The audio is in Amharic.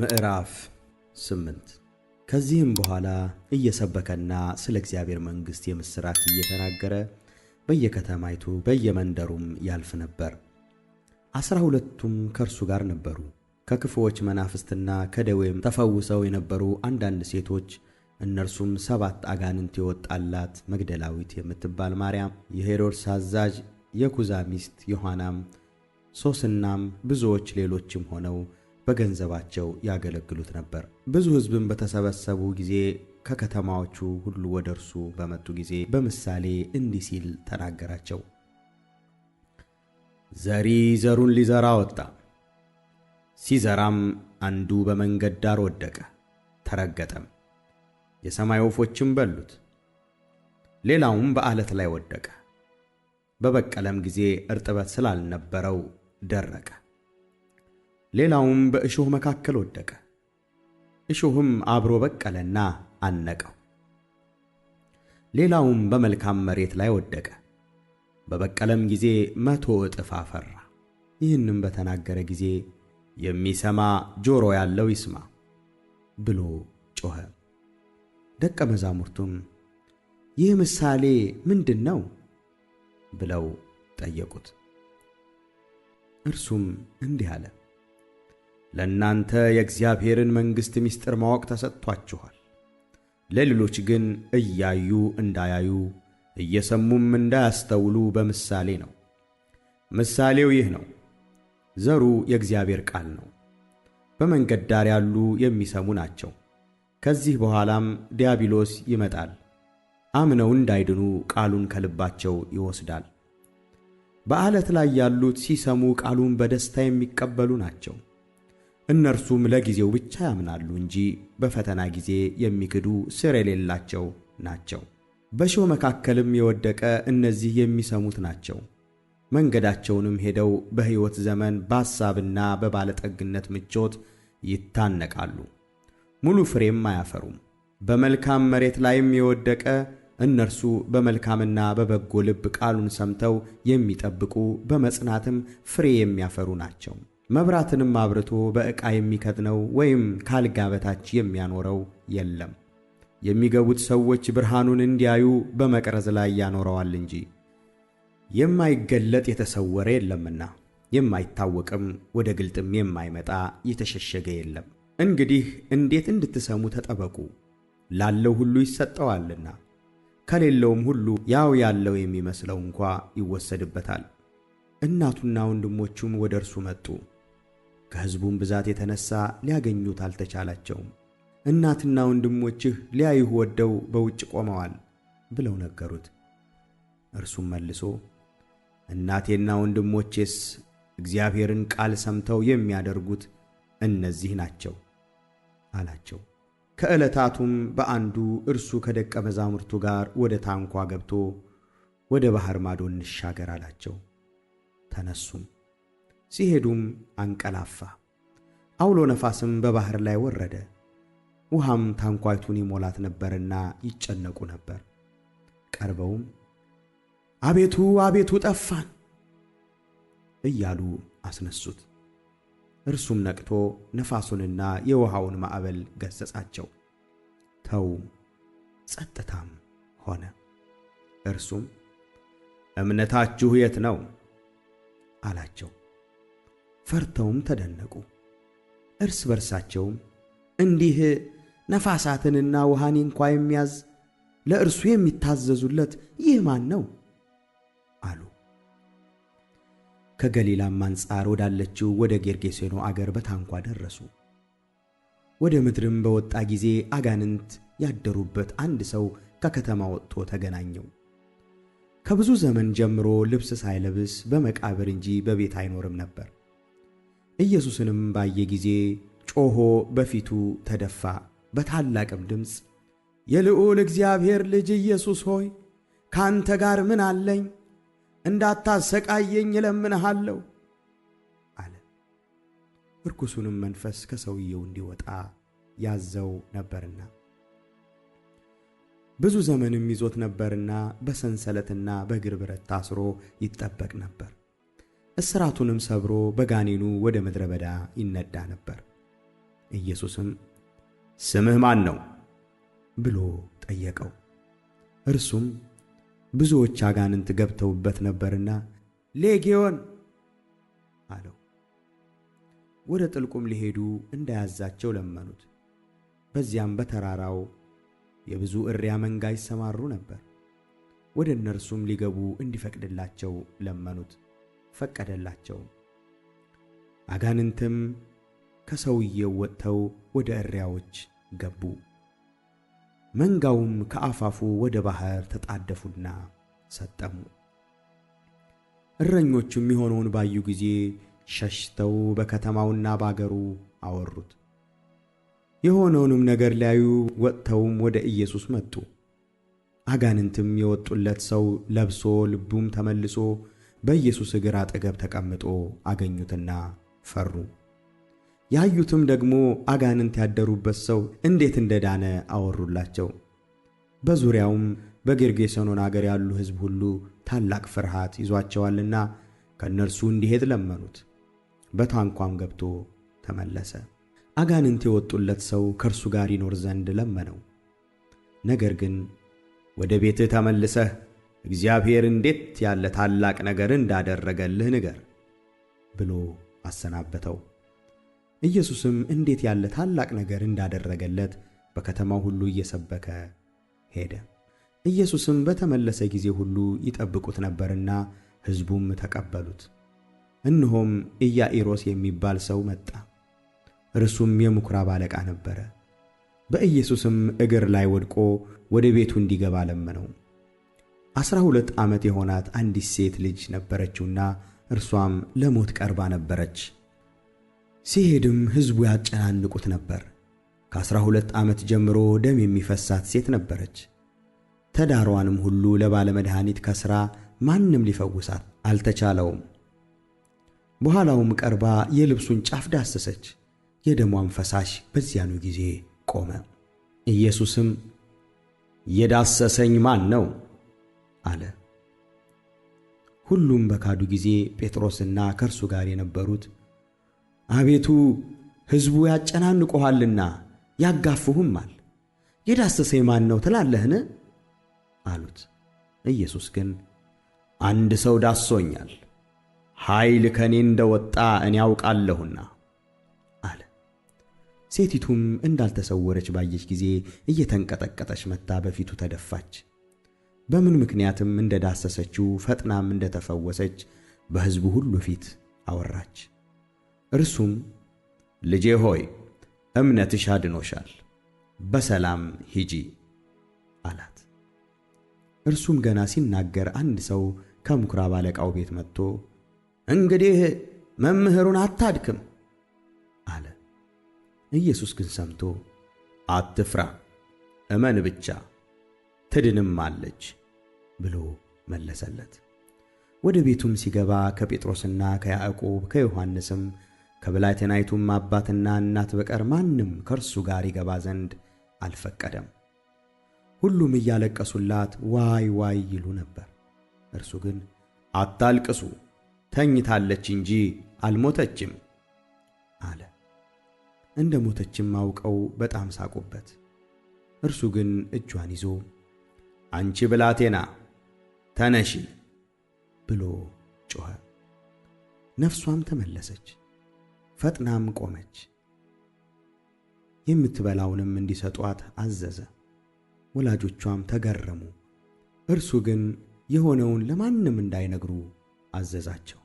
ምዕራፍ ስምንት ከዚህም በኋላ እየሰበከና ስለ እግዚአብሔር መንግሥት የምሥራች እየተናገረ በየከተማይቱ በየመንደሩም ያልፍ ነበር። ዐሥራ ሁለቱም ከእርሱ ጋር ነበሩ። ከክፉዎች መናፍስትና ከደዌም ተፈውሰው የነበሩ አንዳንድ ሴቶች እነርሱም ሰባት አጋንንት የወጣላት መግደላዊት የምትባል ማርያም፣ የሄሮድስ አዛዥ የኩዛ ሚስት ዮሐናም፣ ሶስናም ብዙዎች ሌሎችም ሆነው በገንዘባቸው ያገለግሉት ነበር። ብዙ ሕዝብም በተሰበሰቡ ጊዜ ከከተማዎቹ ሁሉ ወደ እርሱ በመጡ ጊዜ በምሳሌ እንዲህ ሲል ተናገራቸው። ዘሪ ዘሩን ሊዘራ ወጣ። ሲዘራም አንዱ በመንገድ ዳር ወደቀ፣ ተረገጠም፣ የሰማይ ወፎችም በሉት። ሌላውም በዓለት ላይ ወደቀ፣ በበቀለም ጊዜ እርጥበት ስላልነበረው ደረቀ። ሌላውም በእሾህ መካከል ወደቀ፣ እሾህም አብሮ በቀለና አነቀው። ሌላውም በመልካም መሬት ላይ ወደቀ፣ በበቀለም ጊዜ መቶ እጥፍ አፈራ። ይህንም በተናገረ ጊዜ የሚሰማ ጆሮ ያለው ይስማ ብሎ ጮኸ። ደቀ መዛሙርቱም ይህ ምሳሌ ምንድን ነው ብለው ጠየቁት። እርሱም እንዲህ አለ፦ ለእናንተ የእግዚአብሔርን መንግሥት ምስጢር ማወቅ ተሰጥቷችኋል፤ ለሌሎች ግን እያዩ እንዳያዩ እየሰሙም እንዳያስተውሉ በምሳሌ ነው። ምሳሌው ይህ ነው፤ ዘሩ የእግዚአብሔር ቃል ነው። በመንገድ ዳር ያሉ የሚሰሙ ናቸው። ከዚህ በኋላም ዲያብሎስ ይመጣል፣ አምነው እንዳይድኑ ቃሉን ከልባቸው ይወስዳል። በዓለት ላይ ያሉት ሲሰሙ ቃሉን በደስታ የሚቀበሉ ናቸው። እነርሱም ለጊዜው ብቻ ያምናሉ እንጂ በፈተና ጊዜ የሚክዱ ስር የሌላቸው ናቸው። በእሾህ መካከልም የወደቀ እነዚህ የሚሰሙት ናቸው። መንገዳቸውንም ሄደው በሕይወት ዘመን በሐሳብና በባለጠግነት ምቾት ይታነቃሉ፣ ሙሉ ፍሬም አያፈሩም። በመልካም መሬት ላይም የወደቀ እነርሱ በመልካምና በበጎ ልብ ቃሉን ሰምተው የሚጠብቁ በመጽናትም ፍሬ የሚያፈሩ ናቸው። መብራትንም አብርቶ በዕቃ የሚከድነው ወይም ካልጋ በታች የሚያኖረው የለም። የሚገቡት ሰዎች ብርሃኑን እንዲያዩ በመቅረዝ ላይ ያኖረዋል እንጂ የማይገለጥ የተሰወረ የለምና የማይታወቅም ወደ ግልጥም የማይመጣ የተሸሸገ የለም። እንግዲህ እንዴት እንድትሰሙ ተጠበቁ፤ ላለው ሁሉ ይሰጠዋልና፣ ከሌለውም ሁሉ ያው ያለው የሚመስለው እንኳ ይወሰድበታል። እናቱና ወንድሞቹም ወደ እርሱ መጡ። ከሕዝቡም ብዛት የተነሣ ሊያገኙት አልተቻላቸውም። እናትና ወንድሞችህ ሊያዩህ ወደው በውጭ ቆመዋል ብለው ነገሩት። እርሱም መልሶ እናቴና ወንድሞቼስ እግዚአብሔርን ቃል ሰምተው የሚያደርጉት እነዚህ ናቸው አላቸው። ከዕለታቱም በአንዱ እርሱ ከደቀ መዛሙርቱ ጋር ወደ ታንኳ ገብቶ ወደ ባሕር ማዶ እንሻገር አላቸው። ተነሱም። ሲሄዱም አንቀላፋ። አውሎ ነፋስም በባሕር ላይ ወረደ። ውሃም ታንኳይቱን ይሞላት ነበርና ይጨነቁ ነበር። ቀርበውም አቤቱ አቤቱ ጠፋን እያሉ አስነሱት። እርሱም ነቅቶ ነፋሱንና የውሃውን ማዕበል ገሠጻቸው፣ ተው፣ ጸጥታም ሆነ። እርሱም እምነታችሁ የት ነው? አላቸው። ፈርተውም ተደነቁ። እርስ በርሳቸውም እንዲህ ነፋሳትንና ውሃን እንኳ የሚያዝ ለእርሱ የሚታዘዙለት ይህ ማን ነው? አሉ። ከገሊላም አንጻር ወዳለችው ወደ ጌርጌሴኖ አገር በታንኳ ደረሱ። ወደ ምድርም በወጣ ጊዜ አጋንንት ያደሩበት አንድ ሰው ከከተማ ወጥቶ ተገናኘው። ከብዙ ዘመን ጀምሮ ልብስ ሳይለብስ በመቃብር እንጂ በቤት አይኖርም ነበር። ኢየሱስንም ባየ ጊዜ ጮኾ በፊቱ ተደፋ፣ በታላቅም ድምፅ የልዑል እግዚአብሔር ልጅ ኢየሱስ ሆይ ካንተ ጋር ምን አለኝ? እንዳታሰቃየኝ እለምንሃለሁ አለ። እርኩሱንም መንፈስ ከሰውየው እንዲወጣ ያዘው ነበርና ብዙ ዘመንም ይዞት ነበርና በሰንሰለትና በእግር ብረት ታስሮ ይጠበቅ ነበር። እስራቱንም ሰብሮ በጋኔኑ ወደ ምድረ በዳ ይነዳ ነበር። ኢየሱስም ስምህ ማን ነው ብሎ ጠየቀው። እርሱም ብዙዎች አጋንንት ገብተውበት ነበርና ሌጌዮን አለው። ወደ ጥልቁም ሊሄዱ እንዳያዛቸው ለመኑት። በዚያም በተራራው የብዙ እሪያ መንጋ ይሰማሩ ነበር። ወደ እነርሱም ሊገቡ እንዲፈቅድላቸው ለመኑት። ፈቀደላቸው። አጋንንትም ከሰውየው ወጥተው ወደ እሪያዎች ገቡ። መንጋውም ከአፋፉ ወደ ባሕር ተጣደፉና ሰጠሙ። እረኞቹም የሆነውን ባዩ ጊዜ ሸሽተው በከተማውና ባገሩ አወሩት። የሆነውንም ነገር ሊያዩ ወጥተውም ወደ ኢየሱስ መጡ። አጋንንትም የወጡለት ሰው ለብሶ ልቡም ተመልሶ በኢየሱስ እግር አጠገብ ተቀምጦ አገኙትና ፈሩ። ያዩትም ደግሞ አጋንንት ያደሩበት ሰው እንዴት እንደዳነ አወሩላቸው። በዙሪያውም በጌርጌሰኖን አገር ያሉ ሕዝብ ሁሉ ታላቅ ፍርሃት ይዟቸዋልና ከእነርሱ እንዲሄድ ለመኑት። በታንኳም ገብቶ ተመለሰ። አጋንንት የወጡለት ሰው ከእርሱ ጋር ይኖር ዘንድ ለመነው። ነገር ግን ወደ ቤትህ ተመልሰህ እግዚአብሔር እንዴት ያለ ታላቅ ነገር እንዳደረገልህ ንገር ብሎ አሰናበተው። ኢየሱስም እንዴት ያለ ታላቅ ነገር እንዳደረገለት በከተማው ሁሉ እየሰበከ ሄደ። ኢየሱስም በተመለሰ ጊዜ ሁሉ ይጠብቁት ነበርና ሕዝቡም ተቀበሉት። እነሆም ኢያኢሮስ የሚባል ሰው መጣ። እርሱም የምኵራብ አለቃ ነበረ። በኢየሱስም እግር ላይ ወድቆ ወደ ቤቱ እንዲገባ ለመነው። አስራ ሁለት ዓመት የሆናት አንዲት ሴት ልጅ ነበረችውና እርሷም ለሞት ቀርባ ነበረች። ሲሄድም ሕዝቡ ያጨናንቁት ነበር። ከአስራ ሁለት ዓመት ጀምሮ ደም የሚፈሳት ሴት ነበረች። ተዳሯንም ሁሉ ለባለመድኃኒት ከስራ ማንም ሊፈውሳት አልተቻለውም። በኋላውም ቀርባ የልብሱን ጫፍ ዳሰሰች፣ የደሟም ፈሳሽ በዚያኑ ጊዜ ቆመ። ኢየሱስም የዳሰሰኝ ማን ነው አለ። ሁሉም በካዱ ጊዜ ጴጥሮስና ከእርሱ ጋር የነበሩት አቤቱ ሕዝቡ ያጨናንቆሃልና ያጋፉህማል፣ የዳሰሰኝ ማን ነው ትላለህን? አሉት። ኢየሱስ ግን አንድ ሰው ዳሶኛል፣ ኃይል ከእኔ እንደ ወጣ እኔ አውቃለሁና አለ። ሴቲቱም እንዳልተሰወረች ባየች ጊዜ እየተንቀጠቀጠች መታ በፊቱ ተደፋች። በምን ምክንያትም እንደዳሰሰችው ፈጥናም እንደተፈወሰች በሕዝቡ ሁሉ ፊት አወራች። እርሱም ልጄ ሆይ እምነትሽ አድኖሻል፣ በሰላም ሂጂ አላት። እርሱም ገና ሲናገር አንድ ሰው ከምኵራብ አለቃው ቤት መጥቶ እንግዲህ መምህሩን አታድክም አለ። ኢየሱስ ግን ሰምቶ አትፍራ፣ እመን ብቻ ትድንም አለች ብሎ መለሰለት። ወደ ቤቱም ሲገባ ከጴጥሮስና ከያዕቆብ ከዮሐንስም ከብላቴናይቱም አባትና እናት በቀር ማንም ከእርሱ ጋር ይገባ ዘንድ አልፈቀደም። ሁሉም እያለቀሱላት ዋይ ዋይ ይሉ ነበር። እርሱ ግን አታልቅሱ፣ ተኝታለች እንጂ አልሞተችም አለ። እንደ ሞተችም አውቀው በጣም ሳቁበት። እርሱ ግን እጇን ይዞ አንቺ ብላቴና ተነሺ ብሎ ጮኸ። ነፍሷም ተመለሰች፣ ፈጥናም ቆመች። የምትበላውንም እንዲሰጧት አዘዘ። ወላጆቿም ተገረሙ። እርሱ ግን የሆነውን ለማንም እንዳይነግሩ አዘዛቸው።